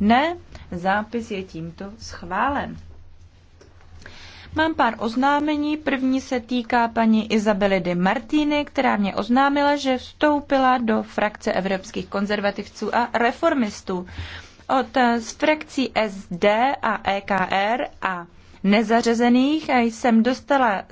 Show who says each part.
Speaker 1: Ne, zápis je tímto schválen. Mám pár oznámení. První se týká paní Izabely de Martini, která mě oznámila, že vstoupila do frakce evropských konzervativců a reformistů. Od eh, z frakcí SD a EKR a nezařazených
Speaker 2: eh, jsem dostala